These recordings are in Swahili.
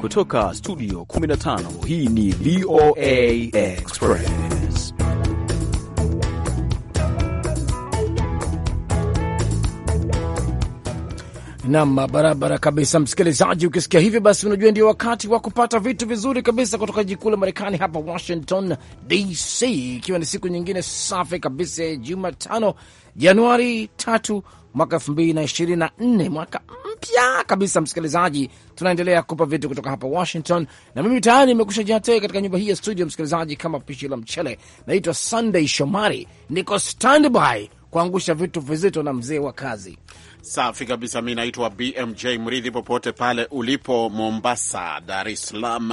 Kutoka studio 15 hii ni VOA Express. Nam barabara kabisa, msikilizaji. Ukisikia hivyo, basi unajua ndio wakati wa kupata vitu vizuri kabisa kutoka kuu la Marekani hapa Washington DC, ikiwa ni siku nyingine safi kabisa ya Jumatano, Januari tatu mwaka nne mwaka mpya kabisa. Msikilizaji, tunaendelea kupa vitu kutoka hapa Washington, na mimi tayari nimekusha jatee katika nyumba hii ya studio, msikilizaji, kama pishi la mchele. Naitwa Sunday Shomari, niko standby kuangusha vitu vizito na mzee wa kazi. Safi kabisa. Mi naitwa BMJ Mridhi, popote pale ulipo, Mombasa, Dar es Salaam,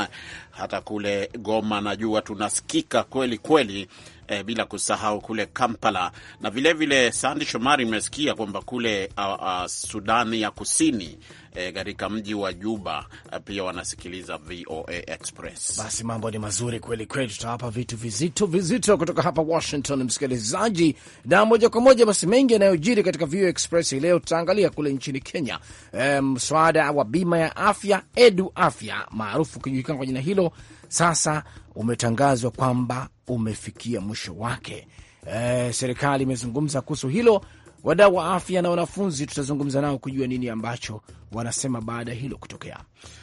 hata kule Goma, najua tunasikika kweli kweli eh, bila kusahau kule Kampala na vilevile, Sandi Shomari, imesikia kwamba kule uh, uh, Sudani ya Kusini eh, katika e, mji wa Juba eh, pia wanasikiliza VOA Express. Basi mambo ni mazuri kweli kweli, tutawapa vitu vizito vizito kutoka hapa Washington, msikilizaji, na moja kwa moja. Basi mengi yanayojiri katika VOA Express hii leo, tutaangalia kule nchini Kenya e, mswada wa bima ya afya Edu Afya maarufu ukijulikana kwa jina hilo, sasa umetangazwa kwamba umefikia mwisho wake. E, serikali imezungumza kuhusu hilo, wadau wa afya na wanafunzi tutazungumza nao kujua nini ambacho wanasema baada ya hilo kutokea.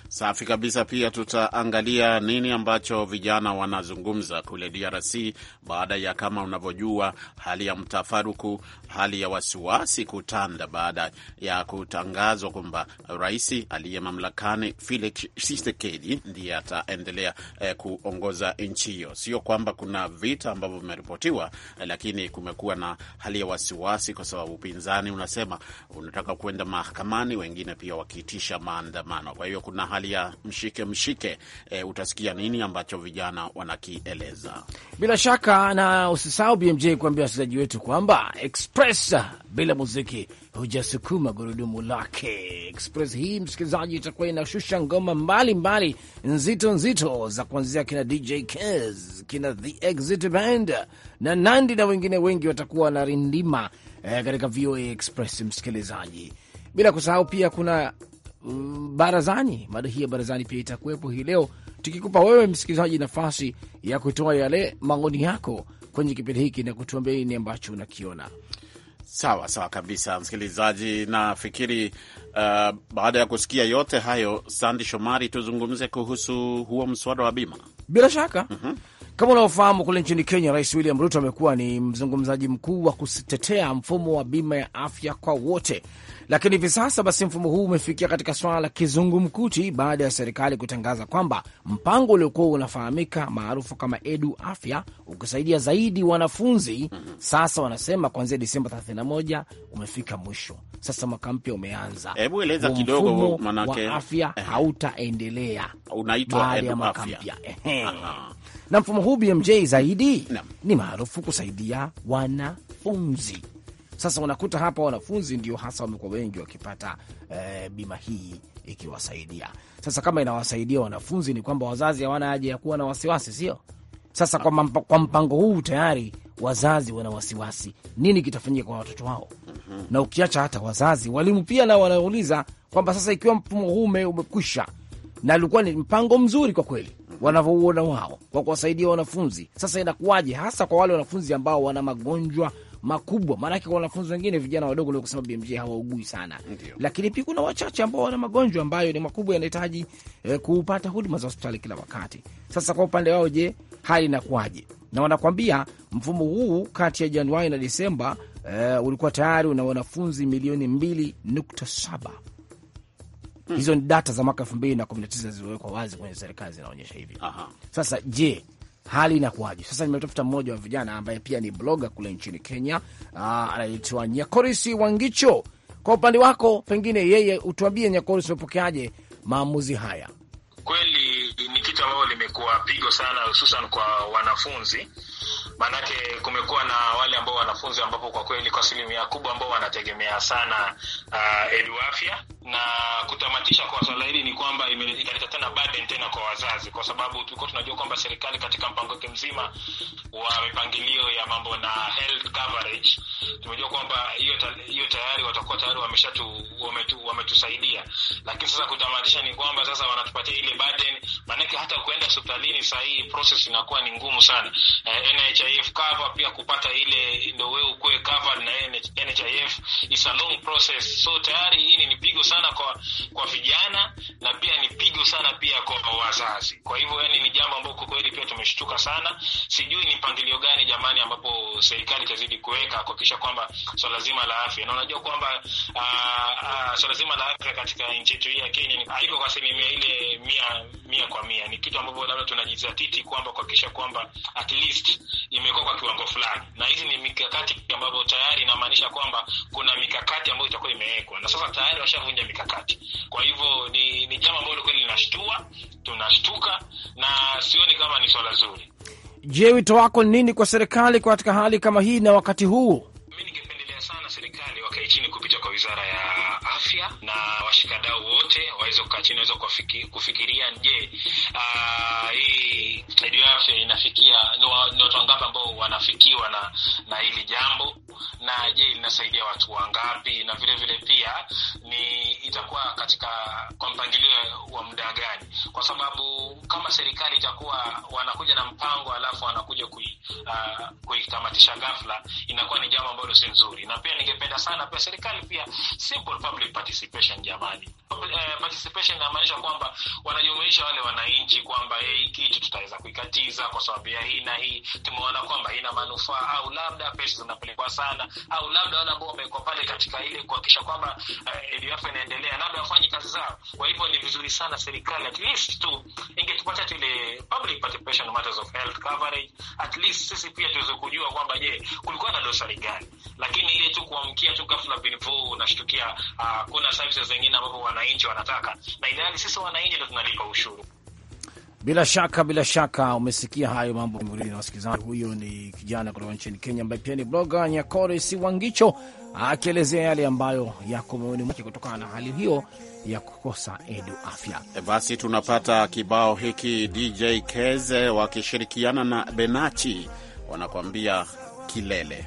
Safi kabisa. Pia tutaangalia nini ambacho vijana wanazungumza kule DRC baada ya, kama unavyojua, hali ya mtafaruku, hali ya wasiwasi kutanda baada ya kutangazwa kwamba rais aliye mamlakani Felix Tshisekedi ndiye ataendelea eh, kuongoza nchi hiyo. Sio kwamba kuna vita ambavyo vimeripotiwa eh, lakini kumekuwa na hali ya wasiwasi, kwa sababu upinzani unasema unataka kuenda mahakamani, wengine pia wakiitisha maandamano. Kwa hiyo kuna hali ya mshike mshike, e, utasikia nini ambacho vijana wanakieleza. Bila shaka na usisahau BMJ kuambia wasikilizaji wetu kwamba Express bila muziki hujasukuma gurudumu lake. Express hii msikilizaji, itakuwa inashusha ngoma mbalimbali mbali, nzito nzito za kuanzia kina DJ Kes, kina The Exit Band na Nandi na wengine wengi watakuwa wanarindima eh, katika VOA Express msikilizaji, bila kusahau pia kuna Uh, barazani. Mada hii ya barazani pia itakuwepo hii leo, tukikupa wewe msikilizaji nafasi ya kutoa yale maoni yako kwenye kipindi hiki na kutuambia nini ambacho unakiona. Sawa sawa kabisa, msikilizaji. Nafikiri uh, baada ya kusikia yote hayo, Sandi Shomari, tuzungumze kuhusu huo mswada wa bima. Bila shaka mm -hmm. Kama unavyofahamu kule nchini Kenya, Rais William Ruto amekuwa ni mzungumzaji mkuu wa kutetea mfumo wa bima ya afya kwa wote, lakini hivi sasa basi mfumo huu umefikia katika swala la kizungumkuti baada ya serikali kutangaza kwamba mpango uliokuwa unafahamika maarufu kama Edu Afya ukisaidia zaidi wanafunzi, sasa wanasema kuanzia Disemba 31 umefika mwisho. Sasa mwaka mpya umeanza. Hebu eleza kidogo, manake afya hautaendelea unaitwa Edu Afya na mfumo huu BMJ zaidi na ni maarufu kusaidia wanafunzi sasa unakuta hapa wanafunzi ndio hasa wamekuwa wengi wakipata e, bima hii ikiwasaidia. Sasa kama inawasaidia wanafunzi, ni kwamba wazazi hawana haja ya kuwa na wasiwasi, sio? Sasa kwa, mampa, kwa mpango huu tayari wazazi wana wasiwasi, nini kitafanyika kwa watoto wao? mm -hmm. Na ukiacha hata wazazi, walimu pia nao wanauliza kwamba sasa ikiwa mfumo huu umekwisha na ulikuwa ni mpango mzuri kwa kweli mhm. wanavyouona wao kwa kuwasaidia wanafunzi, sasa inakuwaje hasa kwa wale wanafunzi ambao wana magonjwa makubwa, maanake kwa wanafunzi wengine vijana wadogo leo kusema BMJ hawaugui sana Ndiyo. Lakini pia kuna wachache ambao wana magonjwa ambayo ni makubwa yanahitaji eh, kupata huduma za hospitali kila wakati. Sasa kwa upande wao, je, hali inakuwaje? Na wanakwambia mfumo huu kati ya Januari na Disemba eh, ulikuwa tayari una wanafunzi milioni nukta saba. Hmm. Hizo ni data za mwaka elfu mbili na kumi na tisa zilizowekwa wazi kwenye serikali zinaonyesha hivi. Aha. Sasa je, hali inakuwaje? Sasa nimetafuta mmoja wa vijana ambaye pia ni bloga kule nchini Kenya, ah, anaitwa Nyakorisi Wangicho. Kwa upande wako, pengine yeye utuambie, Nyakorisi, umepokeaje maamuzi haya? Kweli ni kitu ambayo limekuwa pigo sana, hususan kwa wanafunzi maanake kumekuwa na wale ambao wanafunzi ambapo kwa kweli kwa asilimia kubwa ambao wanategemea sana uh, ah, eduafya afya na kutamatisha kwa swala hili ni kwamba italeta tena burden tena kwa wazazi, kwa sababu tulikuwa tunajua kwamba serikali katika mpango wake mzima wa mipangilio ya mambo na health coverage, tumejua kwamba hiyo hiyo tayari watakuwa tayari wameshatu wametu, wametusaidia, lakini sasa kutamatisha ni kwamba sasa wanatupatia ile burden, maanake hata kuenda hospitalini saa hii process inakuwa ni ngumu sana. Eh, NHIF cover pia kupata ile ndio wewe ukuwe covered na NHIF is a long process, so tayari hii ni pigo sana sana kwa kwa vijana na pia ni pigo sana pia kwa wazazi. Kwa hivyo, yani ni jambo ambalo kwa kweli pia tumeshtuka sana. Sijui ni mpangilio gani jamani, ambapo serikali itazidi kuweka kuhakikisha kwamba swala so zima la afya, na unajua kwamba ah, ah, swala zima la afya katika nchi yetu hii ya Kenya haiko kwa asilimia ile mia mia kwa mia. Ni kitu ambavyo labda tunajizatiti kwamba kuhakikisha kwamba at least imekuwa kwa kiwango fulani, na hizi ni mikakati ambavyo tayari inamaanisha kwamba kuna mikakati ambayo itakuwa imewekwa na sasa tayari washavunja ya mikakati. Kwa hivyo ni, ni jambo ambalo kweli linashtua, tunashtuka na sioni kama ni swala zuri. Je, wito wako ni nini kwa serikali katika hali kama hii na wakati huu? Mi ningependelea sana serikali wakae chini kupitia kwa wizara ya afya na washikadau wote waweze kukaa chini, waweze kufikiria je, ah, hii elimu ya afya inafikia ni watu wangapi ambao wanafikiwa na na hili jambo, na je linasaidia watu wangapi, na vile vile pia ni itakuwa katika kwa mpangilio wa muda gani, kwa sababu kama serikali itakuwa wanakuja na mpango alafu wanakuja kui, uh, kuitamatisha ghafla, inakuwa ni jambo ambalo si nzuri, na pia ningependa sana pia serikali pia simple public participation jamani. Eh, participation inamaanisha kwamba wanajumuisha wale wananchi kwamba hii kitu tutaweza kuikatiza kwa sababu ya hii na hii, tumeona kwamba haina manufaa, au labda pesa zinapelekwa sana, au labda wale ambao wamekuwa pale katika ile kuhakikisha kwamba eh, ADF inaendelea, labda wafanye kazi zao. Kwa hivyo ni vizuri sana serikali at least tu ingetupata ile public participation matters of health coverage, at least sisi pia tuweze kujua kwamba je, kulikuwa na dosari gani, lakini ile tu kuamkia tu ghafla binvu unashtukia uh, hakuna services zingine ambapo wananchi wanataka, na ilhali sisi wananchi ndio tunalipa ushuru. Bila shaka bila shaka umesikia hayo mambo na wasikilizaji. Huyo ni kijana kutoka nchini Kenya ambaye pia ni bloga Nyakore Siwangicho akielezea yale ambayo yako moyoni mwake kutokana na hali hiyo ya kukosa edu afya. E, basi tunapata kibao hiki DJ Keze wakishirikiana na Benachi wanakuambia kilele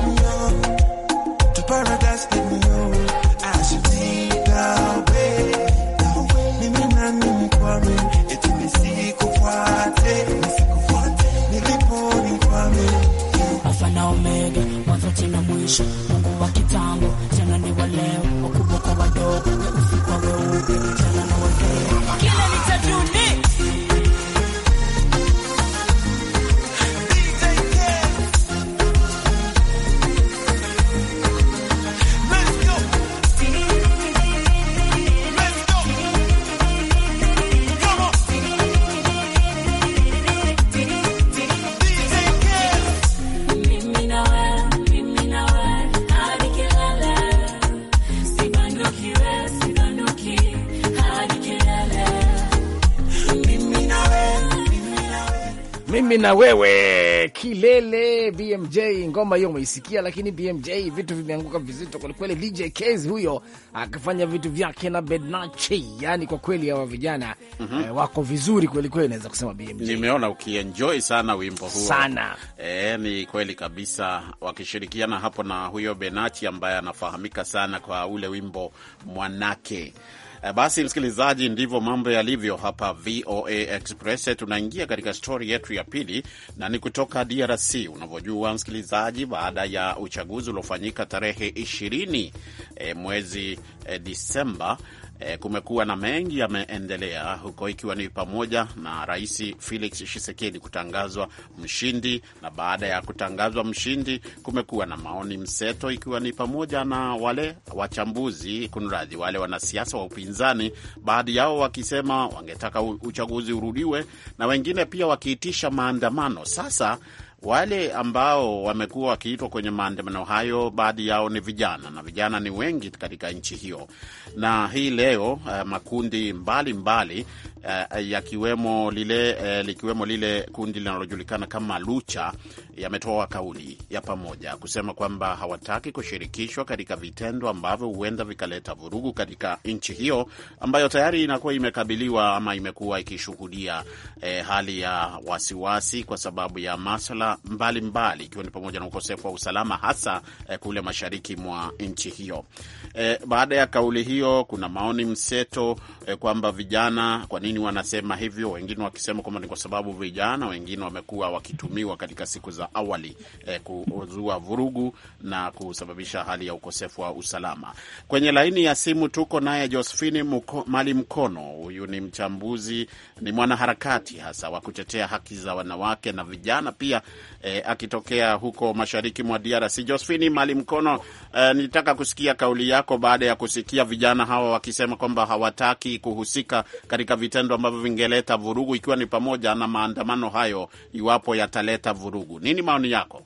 mimi na wewe kilele BMJ. Ngoma hiyo umeisikia, lakini BMJ vitu vimeanguka vizito kwelikweli. DJ Kez huyo akifanya vitu vyake na Bednachi, yani kwa kweli hawa vijana mm -hmm. eh, wako vizuri kwelikweli, naweza kusema BMJ. Nimeona ukienjoy sana wimbo huo sana. E, ni kweli kabisa, wakishirikiana hapo na huyo Benachi ambaye anafahamika sana kwa ule wimbo Mwanake. Eh, basi msikilizaji, ndivyo mambo yalivyo hapa VOA Express. Tunaingia katika stori yetu ya pili na ni kutoka DRC. Unavyojua msikilizaji, baada ya uchaguzi uliofanyika tarehe ishirini e, mwezi e, Disemba E, kumekuwa na mengi yameendelea huko, ikiwa ni pamoja na Rais Felix Tshisekedi kutangazwa mshindi, na baada ya kutangazwa mshindi kumekuwa na maoni mseto, ikiwa ni pamoja na wale wachambuzi, kunradhi, wale wanasiasa wa upinzani, baadhi yao wakisema wangetaka uchaguzi urudiwe na wengine pia wakiitisha maandamano sasa wale ambao wamekuwa wakiitwa kwenye maandamano hayo, baadhi yao ni vijana na vijana ni wengi katika nchi hiyo. Na hii leo uh, makundi mbalimbali uh, yakiwemo lile uh, likiwemo lile kundi linalojulikana kama Lucha yametoa kauli ya pamoja kusema kwamba hawataki kushirikishwa katika vitendo ambavyo huenda vikaleta vurugu katika nchi hiyo ambayo tayari inakuwa imekabiliwa ama imekuwa ikishuhudia eh, hali ya wasiwasi kwa sababu ya maswala mbalimbali ikiwa ni pamoja na ukosefu wa usalama hasa eh, kule mashariki mwa nchi hiyo. Eh, baada ya kauli hiyo kuna maoni mseto eh, kwamba vijana kwa nini nini wanasema hivyo, wengine wakisema kwamba ni kwa sababu vijana, wengine wamekuwa wakitumiwa katika siku za awali eh, kuzua vurugu na kusababisha hali ya ukosefu wa usalama. Kwenye laini ya simu tuko naye Josephine Muko, Mali Mkono. Huyu ni mchambuzi, ni mwanaharakati hasa wa kutetea haki za wanawake na vijana pia, eh, akitokea huko mashariki mwa DRC. Josephine Mali Mkono, eh, nitaka kusikia kauli yako baada ya kusikia vijana hawa wakisema kwamba hawataki kuhusika katika vita vitendo ambavyo vingeleta vurugu, ikiwa ni pamoja na maandamano hayo, iwapo yataleta vurugu. Nini maoni yako?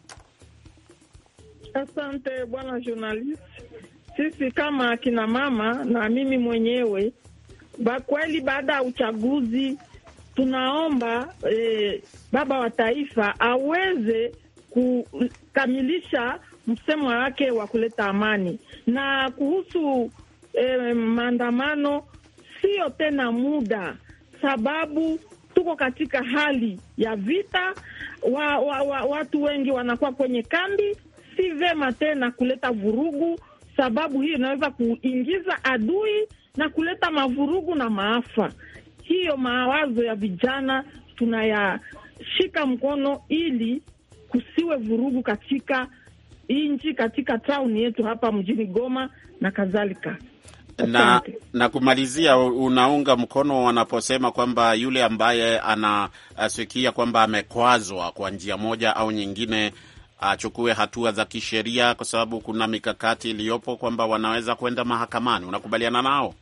Asante bwana journalist. Sisi kama akina mama na mimi mwenyewe ba kweli, baada ya uchaguzi tunaomba eh, baba wa taifa aweze kukamilisha msemo wake wa kuleta amani. Na kuhusu eh, maandamano, sio tena muda sababu tuko katika hali ya vita wa, wa, wa, watu wengi wanakuwa kwenye kambi. Si vema tena kuleta vurugu, sababu hii inaweza kuingiza adui na kuleta mavurugu na maafa. Hiyo mawazo ya vijana tunayashika mkono ili kusiwe vurugu katika nchi, katika tauni yetu hapa mjini Goma na kadhalika na na kumalizia, unaunga mkono wanaposema kwamba yule ambaye anasikia kwamba amekwazwa kwa njia moja au nyingine achukue hatua za kisheria, kwa sababu kuna mikakati iliyopo kwamba wanaweza kwenda mahakamani. Unakubaliana nao?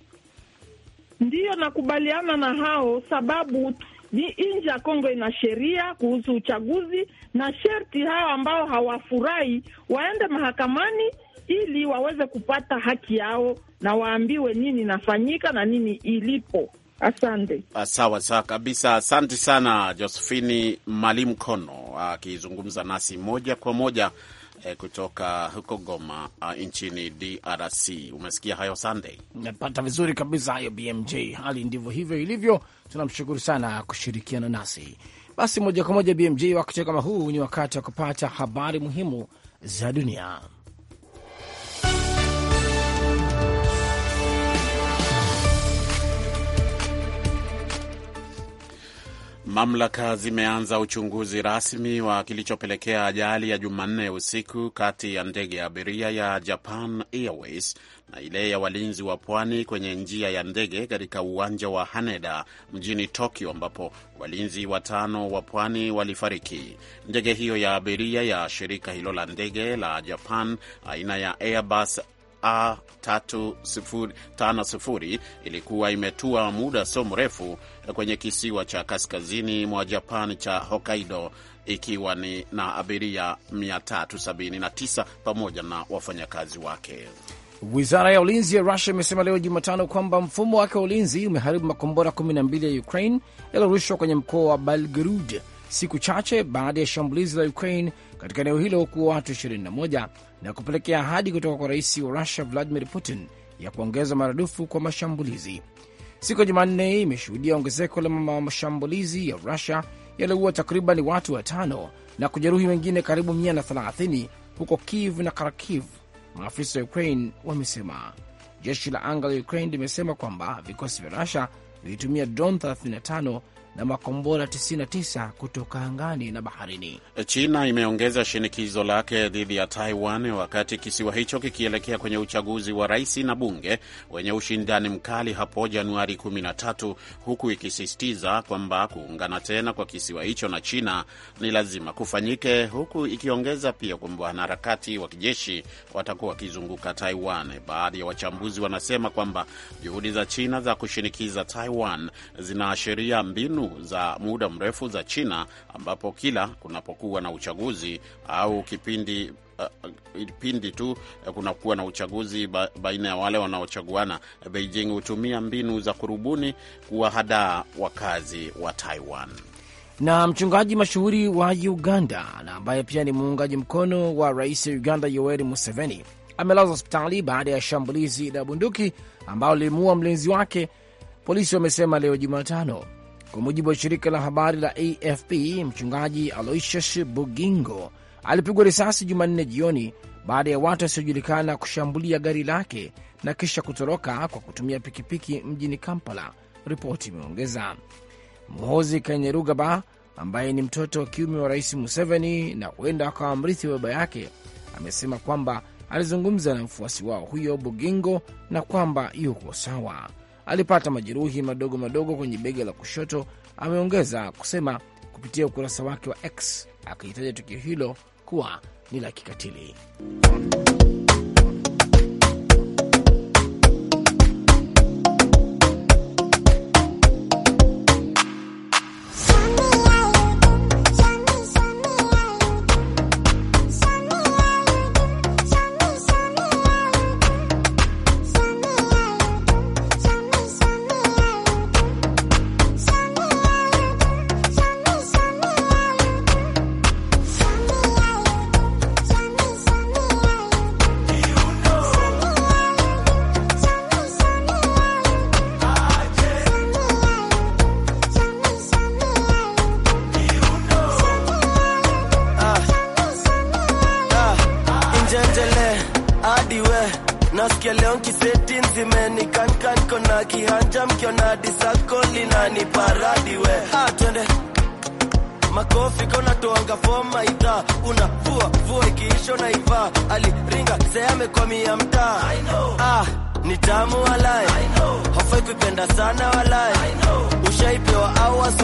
Ndiyo, nakubaliana na hao, sababu ni nchi ya Kongo ina sheria kuhusu uchaguzi, na sherti hao ambao hawafurahi waende mahakamani ili waweze kupata haki yao na waambiwe nini inafanyika na nini ilipo. Asante. Ah, sawa sawa kabisa, asante sana Josephini Malimkono akizungumza nasi moja kwa moja eh, kutoka huko Goma uh, nchini DRC. Umesikia hayo Sunday? Napata vizuri kabisa hayo BMJ. Hali ndivyo hivyo ilivyo. Tunamshukuru sana kushirikiana nasi. Basi moja kwa moja BMJ, wakati kama huu ni wakati wa kupata habari muhimu za dunia. Mamlaka zimeanza uchunguzi rasmi wa kilichopelekea ajali ya Jumanne usiku kati ya ndege ya abiria ya Japan Airways na ile ya walinzi wa pwani kwenye njia ya ndege katika uwanja wa Haneda mjini Tokyo, ambapo walinzi watano wa pwani walifariki. Ndege hiyo ya abiria ya shirika hilo la ndege la Japan aina ya Airbus A350 ilikuwa imetua muda sio mrefu kwenye kisiwa cha kaskazini mwa Japan cha Hokkaido ikiwa ni na abiria 379 pamoja na wafanyakazi wake. Wizara ya ulinzi ya Rusia imesema leo Jumatano kwamba mfumo wake wa ulinzi umeharibu makombora 12 ya Ukraine yaliyorushwa kwenye mkoa wa Belgorod siku chache baada ya shambulizi la Ukraine katika eneo hilo kuwa watu 21 na kupelekea ahadi kutoka kwa rais wa Russia Vladimir Putin ya kuongeza maradufu kwa mashambulizi. Siku ya Jumanne imeshuhudia ongezeko la mashambulizi ya Rusia yaliyoua takriban watu watano na kujeruhi wengine karibu 130 huko Kiev na Kharkiv, maafisa wa Ukraine wamesema. Jeshi la anga la Ukraine limesema kwamba vikosi vya Rusia vilitumia drone 35 na makombora 99 kutoka angani na baharini. China imeongeza shinikizo lake dhidi ya Taiwan wakati kisiwa hicho kikielekea kwenye uchaguzi wa rais na bunge wenye ushindani mkali hapo Januari 13, huku ikisisitiza kwamba kuungana tena kwa kisiwa hicho na China ni lazima kufanyike, huku ikiongeza pia kwamba wanaharakati wa kijeshi watakuwa wakizunguka Taiwan. Baadhi ya wachambuzi wanasema kwamba juhudi za China za kushinikiza Taiwan zinaashiria mbinu huru za muda mrefu za China, ambapo kila kunapokuwa na uchaguzi au kipindi eh, pindi tu uh, eh, kunakuwa na uchaguzi ba, baina ya wale wanaochaguana, Beijing hutumia mbinu za kurubuni kuwahadaa wakazi wa Taiwan. Na mchungaji mashuhuri wa Uganda na ambaye pia ni muungaji mkono wa rais wa Uganda Yoweri Museveni amelazwa hospitali baada ya shambulizi la bunduki ambalo lilimuua mlinzi wake, polisi wamesema leo Jumatano. Kwa mujibu wa shirika la habari la AFP, mchungaji Aloysius Bugingo alipigwa risasi Jumanne jioni baada ya watu wasiojulikana kushambulia gari lake na kisha kutoroka kwa kutumia pikipiki mjini Kampala, ripoti imeongeza. Muhozi Kainerugaba ambaye ni mtoto wa kiume wa rais Museveni na huenda akawa mrithi wa baba yake amesema kwamba alizungumza na mfuasi wao huyo Bugingo na kwamba yuko sawa alipata majeruhi madogo madogo kwenye bega la kushoto, ameongeza kusema kupitia ukurasa wake wa X akihitaja tukio hilo kuwa ni la kikatili.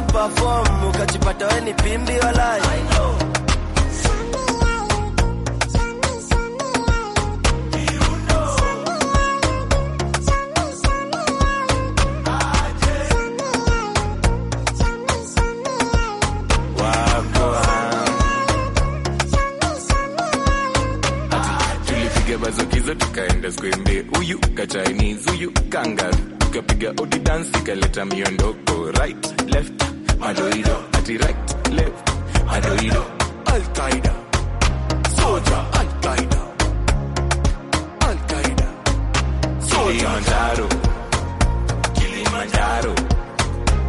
kuperform ukajipata weni pimbi walai bazokizo ah, tukaenda skwembe, huyu ka Chinese, huyu kangar, tukapiga odi dance ikaleta miondoko right left Al-Qaeda, at right, left, Al-Qaeda, Al-Qaeda, soldier, Al-Qaeda, Al-Qaeda, soldier. Kilimanjaro, Kilimanjaro,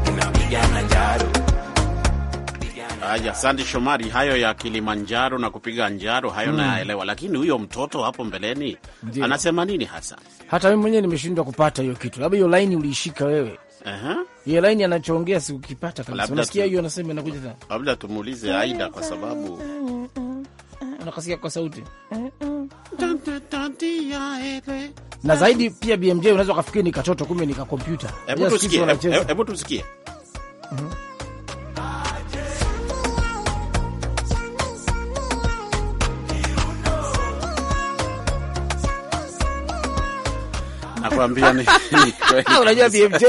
tunapigana njaro Haya, asante Shomari. Hayo ya Kilimanjaro na kupiga njaro hayo mm, nayaelewa, lakini huyo mtoto hapo mbeleni Ndiyo, anasema nini hasa? Hata mimi mwenyewe nimeshindwa kupata hiyo kitu, labda hiyo laini uliishika wewe. uh -huh. laini anachoongea sikukipata kabisa. Unasikia hiyo anasema inakuja sana. Labda tumuulize Aida kwa sababu unakasikia kwa sauti na zaidi pia BMJ unaweza ukafikiri ni katoto, kumbe ni kakompyuta. Hebu tusikie. Mhm. nakwambia ni kweli. Unajua BMJ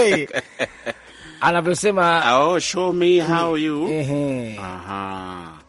anavyosema, oh show me how you. Aha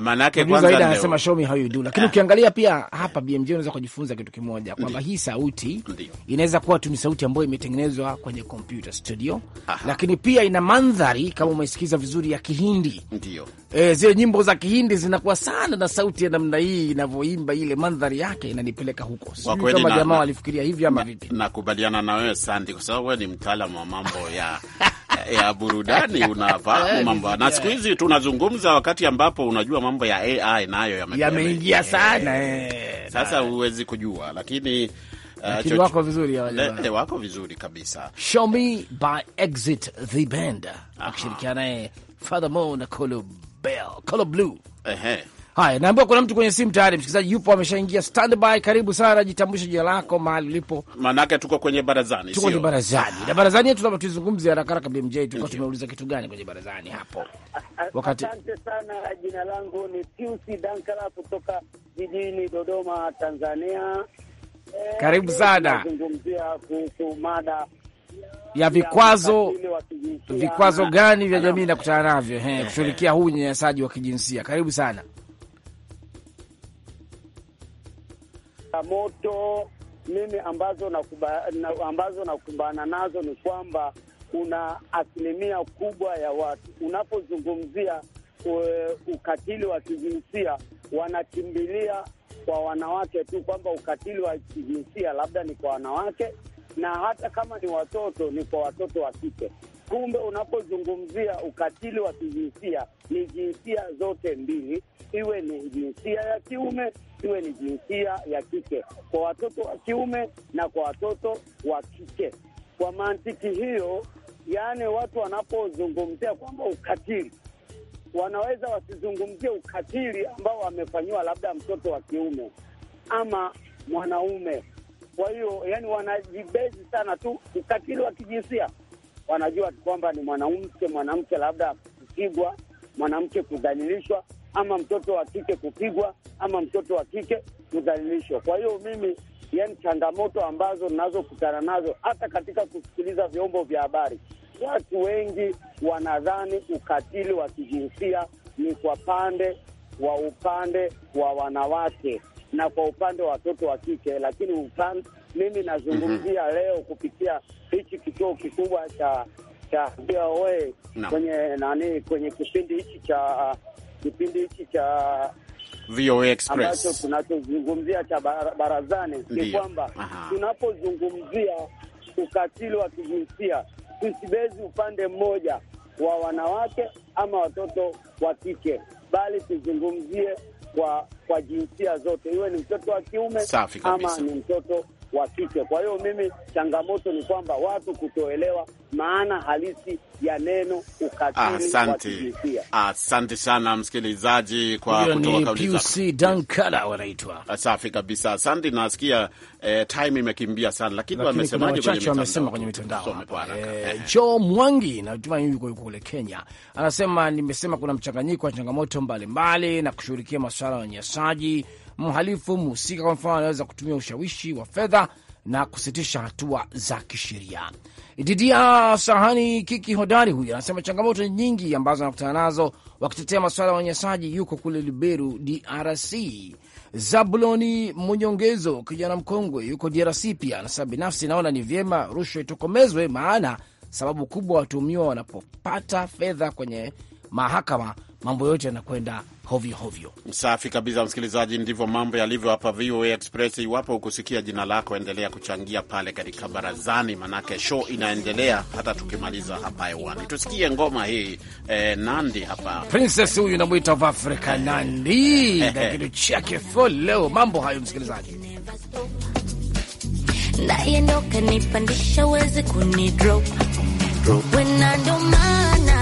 maana yake kwanza leo anasema show me how you do, lakini ah. ukiangalia pia hapa BMJ unaweza kujifunza kitu kimoja kwamba hii sauti inaweza kuwa tu ni sauti ambayo imetengenezwa kwenye computer studio Aha. lakini pia ina mandhari kama umesikiza vizuri ya Kihindi. Ndio. E, zile nyimbo za Kihindi zinakuwa sana na sauti ya namna hii inavyoimba, ile mandhari yake inanipeleka huko. Sijui kama jamaa walifikiria hivyo ama vipi. Nakubaliana na wewe Sandi, kwa sababu wewe ni mtaalamu wa mambo ya ya burudani, unafahamu eh, mambo na siku hizi tunazungumza wakati ambapo unajua mambo ya AI nayo yameingia ya sana eh, eh, Sasa huwezi kujua lakini Uh, wako vizuri le, wako vizuri kabisa. Show me by Exit the Band akishirikiana naye Father Mo na Colo Bell, Colo Blue. Ehe. Haya, naambiwa kuna mtu kwenye simu tayari, msikilizaji yupo ameshaingia standby. Karibu sana, jitambushe jina lako, mahali ulipo, maanake tuko kwenye barazani. Tuko kwenye barazani na barazani yetu labda tuizungumze haraka haraka. BMJ, tulikuwa tumeuliza kitu gani kwenye barazani hapo? Wakati asante sana. Jina langu ni Pius Dankala kutoka jijini Dodoma, Tanzania. Eh, karibu sana. Zungumzia kuhusu mada ya vikwazo. Vikwazo gani vya jamii nakutana navyo kushughulikia huu unyanyasaji wa kijinsia? Karibu sana. moto mimi ambazo nakumbana ambazo nakumbana nazo ni kwamba kuna asilimia kubwa ya watu unapozungumzia eh, ukatili wa kijinsia wanakimbilia kwa wanawake tu, kwamba ukatili wa kijinsia labda ni kwa wanawake, na hata kama ni watoto ni kwa watoto wa kike. Kumbe unapozungumzia ukatili wa kijinsia ni jinsia zote mbili, iwe ni jinsia ya kiume, iwe ni jinsia ya kike, kwa watoto wa kiume na kwa watoto wa kike. Kwa mantiki hiyo, yaani watu wanapozungumzia kwamba ukatili wanaweza wasizungumzie ukatili ambao wamefanyiwa labda mtoto wa kiume ama mwanaume. Kwa hiyo, yani wanajibezi sana tu ukatili wa kijinsia wanajua tu kwamba ni mwanamke, mwanamke labda kupigwa, mwanamke kudhalilishwa, ama mtoto wa kike kupigwa, ama mtoto wa kike kudhalilishwa. Kwa hiyo mimi, yani, changamoto ambazo nazokutana nazo hata katika kusikiliza vyombo vya habari, watu wengi wanadhani ukatili wa kijinsia ni kwa pande wa upande wa wanawake na kwa upande wa watoto wa kike, lakini upande mimi nazungumzia mm -hmm. leo kupitia hichi kituo kikubwa cha cha VOA no. kwenye nani, kwenye kipindi hichi cha kipindi hichi cha VOA Express ambacho tunachozungumzia cha barazani, ni kwamba tunapozungumzia ukatili wa kijinsia tusibezi upande mmoja wa wanawake ama watoto wa kike, bali tuzungumzie kwa kwa jinsia zote, iwe ni mtoto wa kiume ama ni mtoto wa kike. Kwa hiyo mimi, changamoto ni kwamba watu kutoelewa maana halisi ya neno ukatili. Asante sana msikilizaji kwa kutoa kauli zako. Dankala wanaitwa safi kabisa, asante. Nasikia eh, time imekimbia sana, lakini wamesemaje kwenye mitandao? Eh, eh. Jo Mwangi natuma yuko kule Kenya, anasema nimesema kuna mchanganyiko wa changamoto mbalimbali na kushughulikia masuala ya unyanyasaji mhalifu mhusika, kwa mfano, anaweza kutumia ushawishi wa fedha na kusitisha hatua za kisheria. Didia Sahani Kiki hodari huyu anasema changamoto nyingi ambazo anakutana nazo wakitetea masuala ya wanyanyasaji, yuko kule Liberu, DRC. Zabuloni Munyongezo, kijana mkongwe, yuko DRC pia anasema binafsi, naona ni vyema rushwa itokomezwe, maana sababu kubwa watuhumiwa wanapopata fedha kwenye mahakama, mambo yote yanakwenda hovyo hovyo. Safi kabisa, msikilizaji, ndivyo mambo yalivyo hapa VOA Express. Iwapo ukusikia jina lako, endelea kuchangia pale katika barazani, manake show inaendelea hata tukimaliza hapa hewani. Tusikie ngoma hii eh, Nandi hapa princess huyu namwita of Africa eh, eh. Nandi eh, na kitu chake leo. Mambo hayo msikilizaji naye ndo kanipandisha kunidrop wena ndo maana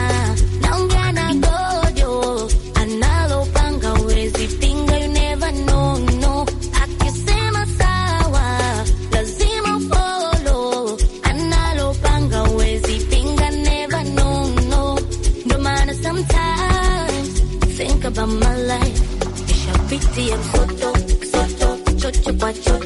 Pretty, I'm so dope, so dope. Cho cho cho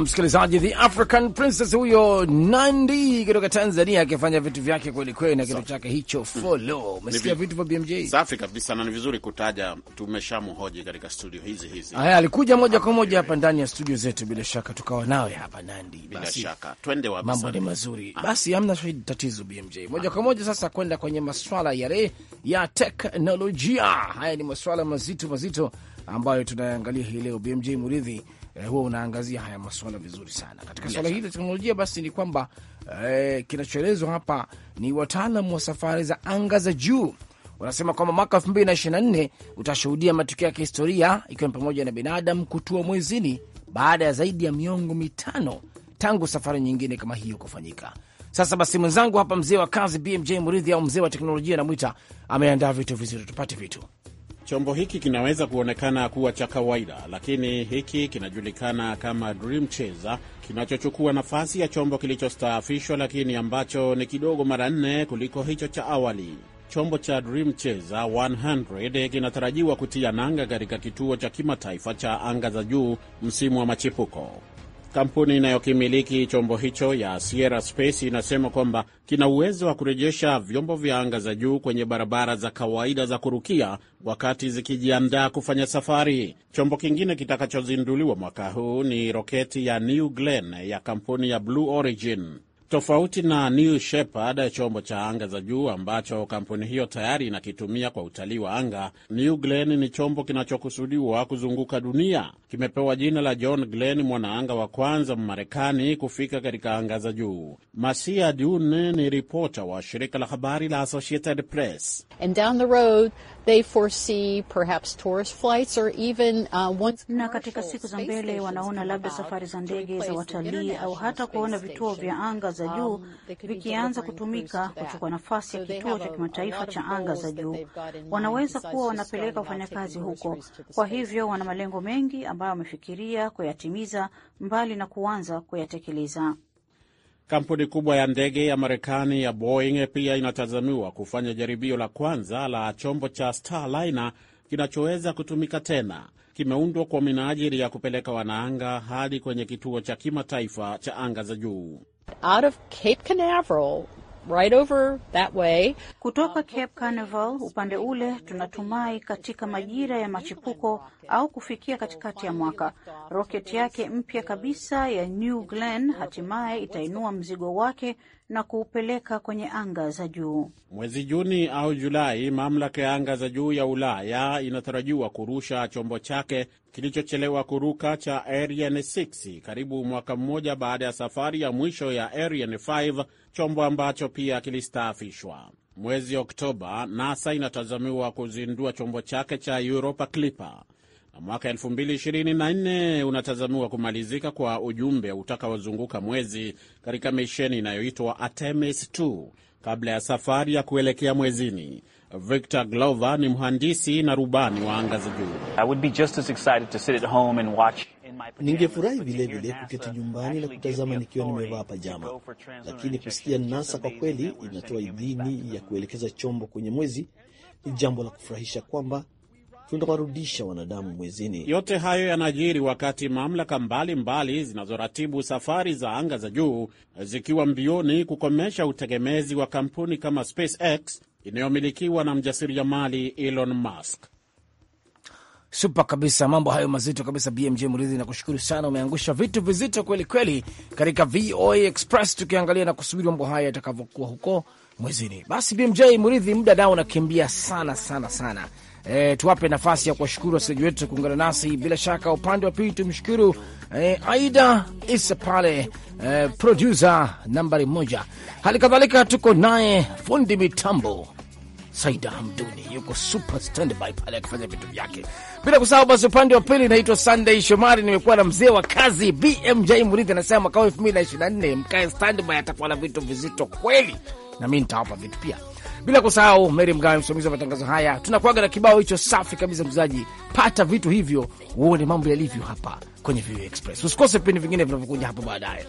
msikilizaji, the African Princess huyo Nandi kutoka Tanzania akifanya vitu vyake kweli kweli na kitu chake hicho mm-hmm. folo. Umesikia vitu vya BMJ? Safi kabisa na ni vizuri kutaja, tumeshamhoji katika studio hizi hizi. Haya, alikuja moja kwa moja hapa ndani ya studio zetu, bila shaka tukawa nawe hapa Nandi. Basi, bila shaka twende wapi? Mambo ni mazuri. Ah. Basi hamna shida tatizo BMJ. Ah. Moja kwa moja sasa kwenda kwenye maswala yale ya teknolojia. Haya ni maswala mazito mazito ambayo tunayaangalia hii leo BMJ Muridhi eh, huwa unaangazia haya masuala vizuri sana katika swala hili la teknolojia. Basi ni kwamba eh, kinachoelezwa hapa ni wataalam wa safari za anga za juu wanasema kwamba mwaka elfu mbili na ishirini na nne utashuhudia matukio ya kihistoria ikiwa ni pamoja na binadamu kutua mwezini baada ya zaidi ya miongo mitano tangu safari nyingine kama hiyo kufanyika. Sasa basi, mwenzangu hapa mzee wa kazi BMJ Muridhi au mzee wa teknolojia namwita, ameandaa vitu vizuri, tupate vitu Chombo hiki kinaweza kuonekana kuwa cha kawaida, lakini hiki kinajulikana kama Dream Chaser, kinachochukua nafasi ya chombo kilichostaafishwa, lakini ambacho ni kidogo mara nne kuliko hicho cha awali. Chombo cha Dream Chaser 100 kinatarajiwa kutia nanga katika kituo cha kimataifa cha anga za juu msimu wa machipuko. Kampuni inayokimiliki chombo hicho ya Sierra Space inasema kwamba kina uwezo wa kurejesha vyombo vya anga za juu kwenye barabara za kawaida za kurukia wakati zikijiandaa kufanya safari. Chombo kingine kitakachozinduliwa mwaka huu ni roketi ya New Glenn ya kampuni ya Blue Origin. Tofauti na New Shepard ya chombo cha anga za juu ambacho kampuni hiyo tayari inakitumia kwa utalii wa anga, New Glenn ni chombo kinachokusudiwa kuzunguka dunia kimepewa jina la John Glenn, mwanaanga wa kwanza Mmarekani kufika katika anga za juu. Masia Dune ni ripota wa shirika la habari la Associated Press. Uh, Na katika siku za mbele wanaona labda safari za ndege za watalii au hata kuona vituo vya anga za um, juu vikianza kutumika kuchukua nafasi ya kituo cha kimataifa cha anga za juu. Wanaweza kuwa wanapeleka wafanyakazi huko, kwa hivyo wana malengo mengi ambayo ambayo wamefikiria kuyatimiza mbali na kuanza kuyatekeleza. Kampuni kubwa ya ndege ya Marekani ya Boeing pia inatazamiwa kufanya jaribio la kwanza la chombo cha Starliner kinachoweza kutumika tena. Kimeundwa kwa minajili ya kupeleka wanaanga hadi kwenye kituo cha kimataifa cha anga za juu. Out of Cape Canaveral right over that way. Kutoka Cape Carnival upande ule tunatumai katika majira ya machipuko au kufikia katikati ya mwaka, roketi yake mpya kabisa ya New Glenn hatimaye itainua mzigo wake na kuupeleka kwenye anga za juu. Mwezi Juni au Julai, mamlaka ya anga za juu ya Ulaya inatarajiwa kurusha chombo chake kilichochelewa kuruka cha Ariane 6 karibu mwaka mmoja baada ya safari ya mwisho ya Ariane 5 chombo ambacho pia kilistaafishwa. Mwezi Oktoba, NASA inatazamiwa kuzindua chombo chake cha Europa Clipper na mwaka 2024 unatazamiwa kumalizika kwa ujumbe utakaozunguka mwezi katika misheni inayoitwa Artemis 2 kabla ya safari ya kuelekea mwezini. Victor Glover ni mhandisi na rubani wa anga za juu. Ningefurahi vilevile kuketi nyumbani na kutazama nikiwa nimevaa pajama, lakini kusikia NASA kwa kweli inatoa idhini ya kuelekeza chombo kwenye mwezi ni jambo la kufurahisha kwamba tunawarudisha wanadamu mwezini. Yote hayo yanajiri wakati mamlaka mbalimbali zinazoratibu safari za anga za juu zikiwa mbioni kukomesha utegemezi wa kampuni kama SpaceX inayomilikiwa na mjasiriamali Elon Musk. Supa kabisa, mambo hayo mazito kabisa. BMJ mridhi nakushukuru sana, umeangusha vitu vizito kweli kweli katika VOA Express, tukiangalia na kusubiri mambo haya yatakavyokuwa huko mwezini. Basi BMJ mridhi muda nao unakimbia sana sana sana e, tuwape nafasi ya kuwashukuru wasikilizaji wetu kuungana nasi. Bila shaka upande wa pili tumshukuru e, Aida Isa pale e, eh, produsa nambari moja. Hali kadhalika tuko naye fundi mitambo Saida Hamduni yuko super standby pale akifanya vitu vyake, bila kusahau basi, upande wa pili naitwa Sunday Shomari, nimekuwa na mzee wa kazi BMJ Murithi. Anasema mwaka elfu mbili na ishirini na nne mkae standby, atakuwa na vitu vizito kweli, na mi nitawapa vitu pia bila kusahau Mary Mgawe, msimamizi wa matangazo haya. Tunakuaga na kibao hicho safi kabisa. Mzaji, pata vitu hivyo uone mambo yalivyo hapa kwenye VOA Express. Usikose vipindi vingine vinavyokuja hapo baadaye.